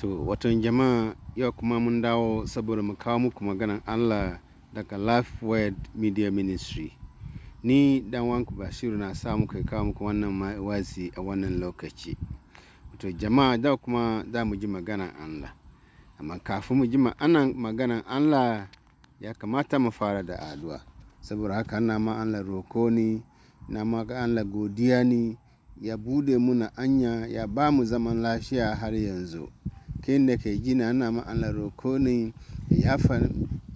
To, watan jama'a yau kuma mun dawo saboda mu kawo muku maganan Allah daga Life Word Media Ministry. Ni dan wanku Bashiru na sa muka kawo muku wannan wazi a wannan lokaci. To, jama'a da kuma za mu ji maganan Allah. Amma kafin mu ji ma'anan maganan Allah ya kamata mu fara da addu'a. Saboda haka ana ma Allah roko ne, na ma Allah godiya ne, ya bude muna anya, ya ba mu zaman lafiya har yanzu. kenda ke jina na ma ala rokonin ya yafa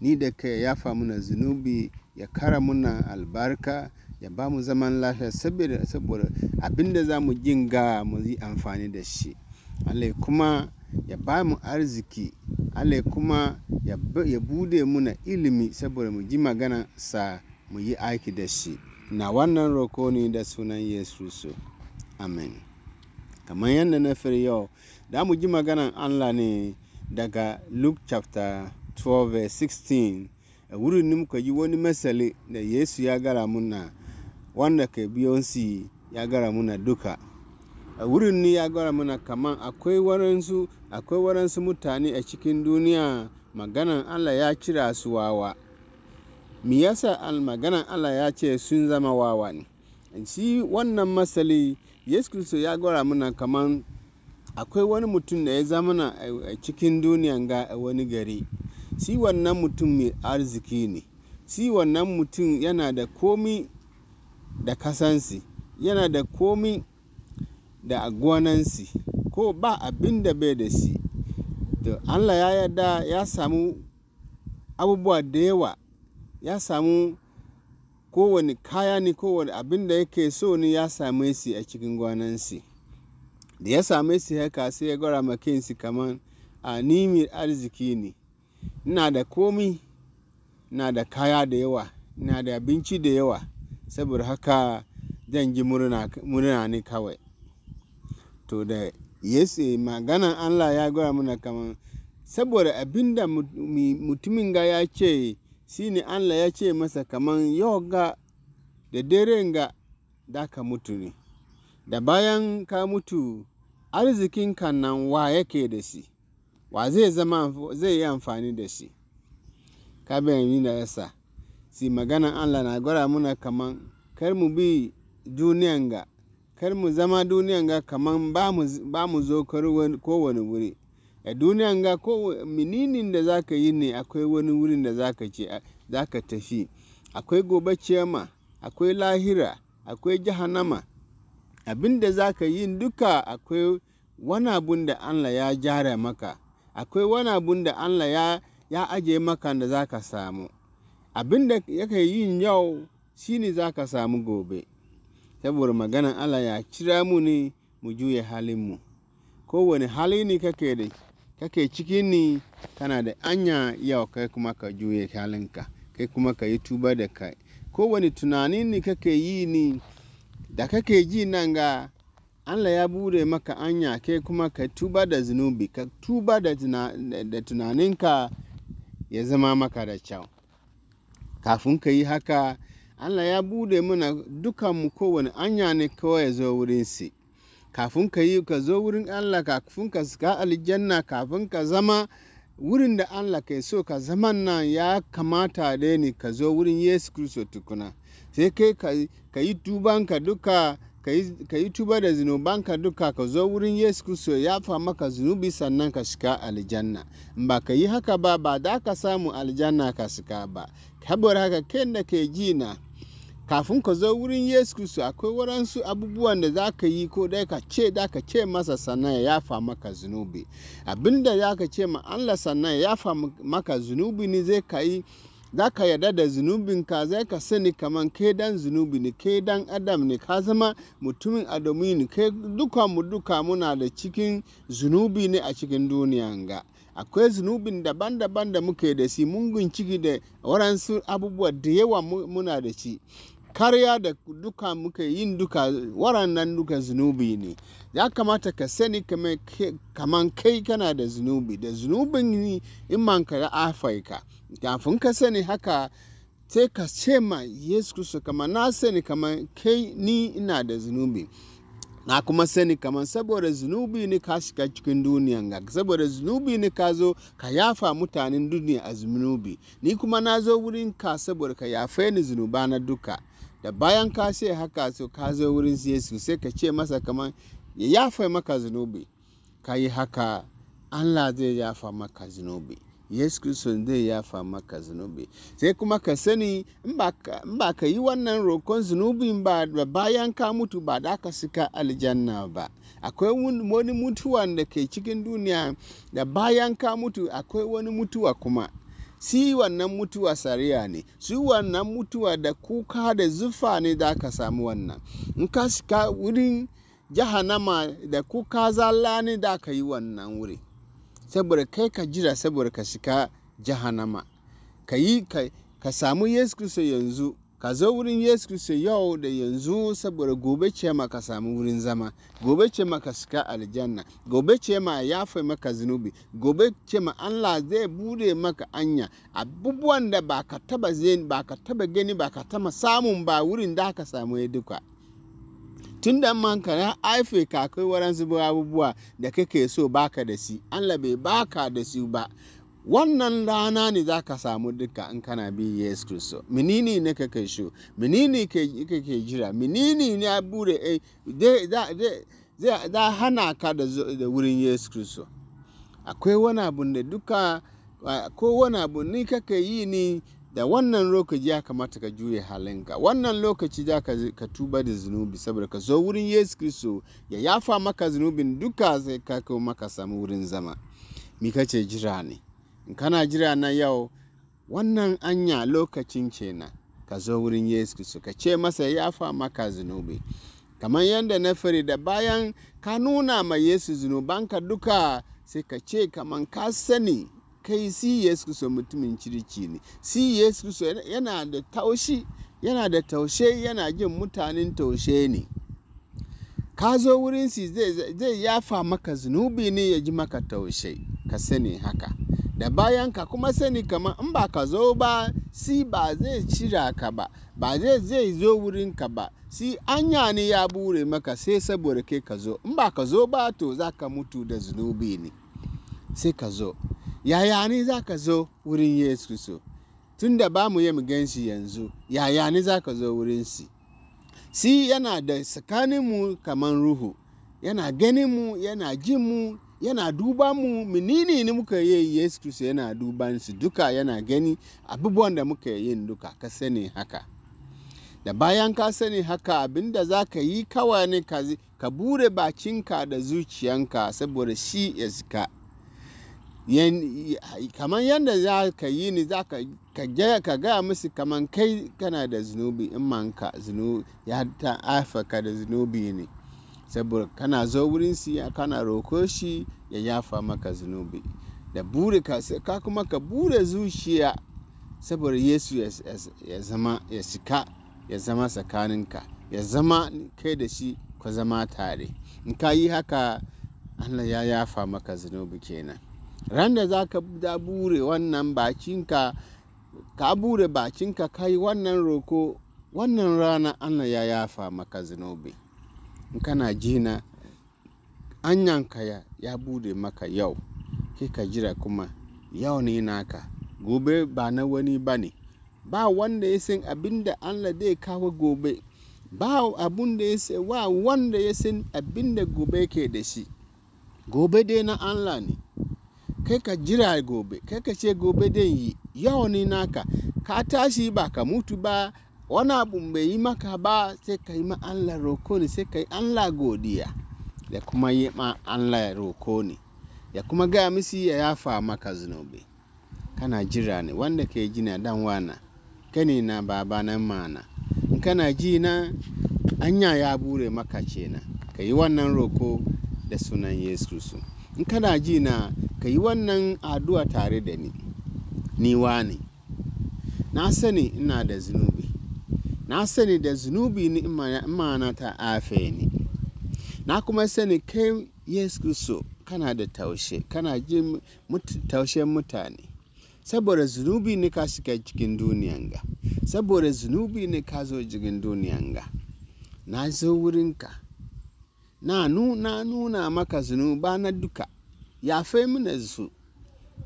ni da ka yafa muna zunubi ya kara muna albarka ya ba mu zaman lafiya saboda saboda abinda za mu ga mu yi amfani da shi Allah kuma ya ba mu arziki Allah kuma ya, bude muna ilimi saboda mu ji magana sa mu yi aiki da shi na wannan roko ne da sunan yesu amen kamar yadda na fere yau da mu ji maganan allah ne daga luke chapter 12 verse 16 a wurin da muka yi wani masali da yesu ya gara muna wanda ka biyonsi ya gara muna duka a wurin ne ya gara muna kamar akwai waransu akwai waransu mutane a cikin duniya maganan allah ya cira su wawa mi yasa maganan allah ya ce sun zama wawa ne shi wannan masali yesu kristo ya gwara mana kaman akwai wani mutum da ya zamana a cikin duniyan ga wani gari si wannan mutum mai arziki ne si wannan mutum yana da komi da kasansi yana da komi da gonansi ko ba abin da bai da shi, to allah ya yarda ya samu abubuwa da yawa ya samu kowane kaya ne kowane abin da yake so ne ya same shi a cikin gwanansi da ya same shi haka sai ya gwara makinsi kamar a nimi arziki ne ina da komi na da kaya da yawa ina da abinci da yawa saboda haka zan ji murna ne kawai to da yesu maganan allah ya gwara mana kamar saboda abin da mutumin ga ya ce shi ne Allah ya ce masa kaman yau ga da daren ga da ka mutu ne da bayan ka mutu arzikin nan wa yake da shi wa zai zama zai yi amfani da shi ka bayani da yasa si maganan Allah na gwara muna kaman kar mu bi duniyan ga kar mu zama duniyan ga kaman ba mu zo kowane wuri a duniyan ga ko mininin da za ka yi ne akwai wani wurin da za ka tafi akwai gobe cema, akwai lahira akwai jahannama abin da za ka yi duka akwai wani abun da allah ya jara maka akwai wani abun da allah ya ya aje maka da za ka samu abin da ya ka yi yau ne za ka samu gobe saboda maganan allah ya cira mu ne mu juya halinmu kowane hali ne kake da kake ciki ne kana da anya yau kai kuma ka juye halinka kai kuma ka yi tuba da kai kowane tunani ne kake yi ne da kake ji nan ga Allah ya bude maka anya kai kuma ka tuba da zunubi ka tuba da tunaninka ya zama maka da kyau kafin ka yi haka Allah ya bude mana dukanmu kowane anya ne kawai ya zo wurin si. kafin ka yi ka zo wurin Allah kafin ka shiga aljanna kafin ka zama wurin da Allah kai so ka zaman nan ya kamata da ne ka zo wurin Yesu Kristo tukuna sai kai ka yi tubanka duka ka yi tuba da zinubanka duka ka zo wurin Yesu Kristo ya fa maka zunubi sannan ka shiga aljanna ba ka yi haka ba ba da ka samu aljanna ka shiga ba kabar haka kai da ke ji na kafin ka zo wurin Yesu Kristo akwai waransu abubuwan da za ka yi ko dai ka ce da ka ce masa sannan ya fa maka zunubi abinda da za ka ce ma Allah sannan ya fa maka zunubi ne zai ka yi za ka yarda da zunubinka zai ka sani kaman ke dan zunubi ne ke dan adam ne ka zama mutumin adamu ne ke duka mu duka muna da cikin zunubi ne a cikin duniyan ga akwai zunubin daban-daban da muke da si mungun ciki da waransu abubuwa da yawa muna da shi karya da duka muka yin duka waɗannan duka zunubi ne ya kamata ka sani kaman kai kana da zunubi da zunubin in man ka afaika kafin ka sani haka sai ka ce ma yesu kristo kama na sani kaman kai ni ina da zunubi na kuma sani kamar saboda zunubi ne ka shiga cikin duniya ga saboda zunubi ne ka zo ka yafa mutanen duniya a zunubi ni kuma na zo wurin ka saboda ka yafe ni zunuba na duka da bayan ka sai haka so ka zo wurin yesu sai ka ce masa kamar ya yafa maka zunubi ka yi haka allah zai yafa maka zunubi yesu kristo zai yafa maka zunubi sai kuma ka sani in ba ka yi wannan rokon zunubi ba bayan ka mutu ba da ka suka aljanna ba akwai wani mutuwa da ke cikin duniya da bayan ka mutu akwai wani mutuwa kuma si wannan mutuwa sariya ne su wannan mutuwa da kuka da zufa ne da ka samu wannan in ka shiga wurin jahannama da kuka zalla ne da ka yi wannan wuri saboda kai ka jira saboda ka shiga jahannama ka yi ka samu yesu kristo yanzu ka zo wurin yesu kristo yau da yanzu saboda gobe ce ma ka samu wurin zama gobe ce ma ka shiga aljanna gobe ce ma ya maka zunubi gobe ce ma allah zai bude maka anya abubuwan da ba ka taba ba ka taba gani ba ka taba samun ba wurin da ka samu ya duka tun da man na haife ka kai waransu abubuwa da kake so baka da si allah bai baka da su ba wannan rana ne za ka samu duka in kana bi yesu kristo menene ne ka kai shi menene ka ke jira menene ne ya bude eh, za hana ka da wurin yesu kristo akwai wani abu da duka ko wani abu ni ka yi ni da wannan lokaci ya kamata ka juye halinka wannan lokaci za ka tuba da zunubi saboda ka zo wurin yesu kristo ya yafa maka zunubin duka sai ka maka samu wurin zama mi ce jira ne kana jira na yau wannan anya lokacin kenan ka zo wurin yesu kristo ka ce masa ya fa maka zunubi kamar yadda na fari da bayan ka nuna ma yesu zunubanka duka sai ka ce kamar ka sani kai si yesu kristo mutumin kirki ne si yesu kristo yana da taushi yana da taushe yana jin mutanen taushe ne ka zo wurin si zai yafa maka zunubi ne ya ji maka taushe ka sani haka da bayan ka kuma sani kamar in ba ka zo ba si ba zai cira ka ba ba zai zai zo wurinka ba si anya ne ya bure maka sai saboda kai ka zo in ba ka zo ba to za ka mutu da zunubi ne sai ka zo yaya ne za ka zo wurin yesu so, tun da ba mu yi gan shi yanzu yaya ne za ka zo wurin si si yana da tsakaninmu kamar ruhu yana ganin mu yana jin mu yana duba mu menene ne muka yi yesu kristo yana duban su duka yana gani abubuwan da muka yi duka ka sani haka da bayan ka sani haka abinda za ka yi kawai ne ka bure bakinka da zuciyanka saboda shi ya zika kamar yadda za ka yi ni za ka gaya musu kamar kai kana da zunubi in manka ya ta ka da zunubi ne saboda kana zo wurin shi kana roko shi ya yafa maka zunubi da bure ka ka kuma ka bure zuciya saboda yesu ya zama ya shika ya zama tsakaninka ya zama kai da shi ku zama tare in ka yi haka allah ya yafa maka zunubi kenan ran da za ka bure wannan bakinka ka bure bakinka ka yi wannan roko wannan rana allah ya yafa maka zunubi in kana jina anyanka ya, ya bude maka yau kai ka jira kuma yau ne naka gobe ba na wani ba ne ba wanda ya san abin da allah zai kawo gobe ba abun da ya san wa wanda ya san abin da gobe ke da shi gobe dai na allah ne kai ka jira gobe kai ka ce gobe dai yi yau ne naka ka tashi ba ka mutu ba wani abu bai yi maka ba sai ka yi ma Allah roko ne sai ka yi Allah godiya ya kuma yi ma Allah roko ne ya kuma gaya misi ya yafa maka zunubi kana jira ne wanda ke na dan wana kane na baba nan mana in kana ji na anya ya bure maka na, ka yi wannan roko da sunan Yesu Kristo in kana ji na ka yi wannan addu'a tare da ni ni wa ne na sani ina da zunubi na sani da zunubi ma imana ta afe ni na kuma sani kai yesu kristo kana da taushe kana ji taushen mutane saboda zunubi ne ka shiga cikin duniyan ga saboda zunubi ne ka zo cikin duniyan ga na zo wurinka na nuna maka zunuba na duka ya fai mini su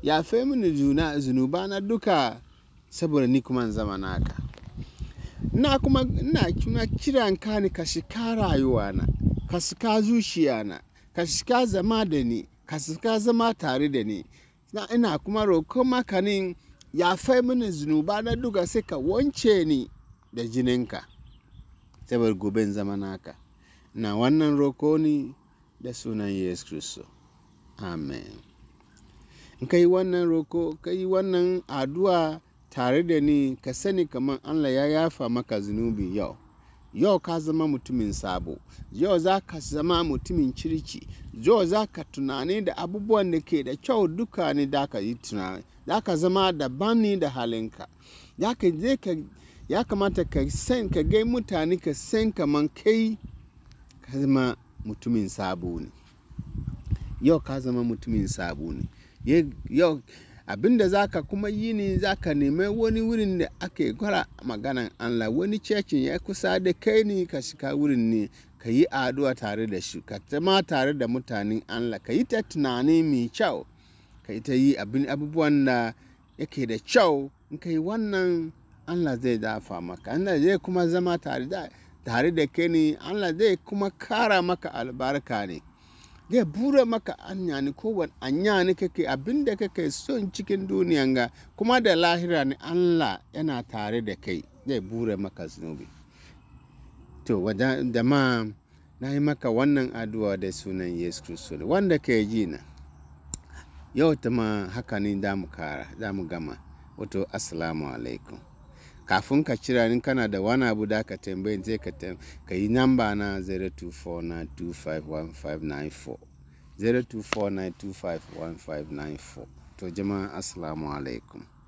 ya fai mini juna zunuba na duka saboda ni kuma zama naka Na kuma ina kuma ka ne ka rayuwa na ka zuciya na ka shika zama da ni, ka shika zama tare da ni. na Ina kuma roƙo maka ya yafai mini na duka sai ka wance ni da jininka saboda gobe zama naka. na wannan roƙo ne da sunan Yesu Kristo Amen. In wannan roƙo, ka wannan addu'a. tare da ni ka sani kamar Allah ya yafa maka zunubi yau. Yau ka zama mutumin sabo, yau za ka zama mutumin kirki, yau za ka tunani da abubuwan da ke da kyau duka ne da ka yi tunani, za ka zama daban ne da halinka. Ya kamata ka san ka gai mutane ka san kamar kai ka zama mutumin sabo ne. Yau ka zama mutumin sabo ne. abinda za ka kuma yi ne za ka nemi wani wurin da ake gwara maganan Allah wani cecin ya kusa da kai ne ka shiga wurin ne ka yi addu'a tare da shi ka tama tare da mutanen Allah ka yi ta tunani mai kyau ka yi ta yi abin abubuwan da yake da kyau in ka yi wannan Allah zai dafa maka Allah zai kuma zama tare da kai ne Allah zai kuma kara maka albarka ne zai bura maka anyani kowane ne kake abinda kake son cikin duniyan ga kuma da lahira ne Allah yana tare da kai zai bura maka zunubi to da ma na yi maka wannan addu'a da sunan Yesu Kristo wanda ke ji na yau ta ma haka ne da mu kara da mu gama wato assalamu alaikum kafin ka cira in kana da wani abu da ka tambaye zai ka yi namba na 0249251594 0249251594 to jama'a assalamu alaikum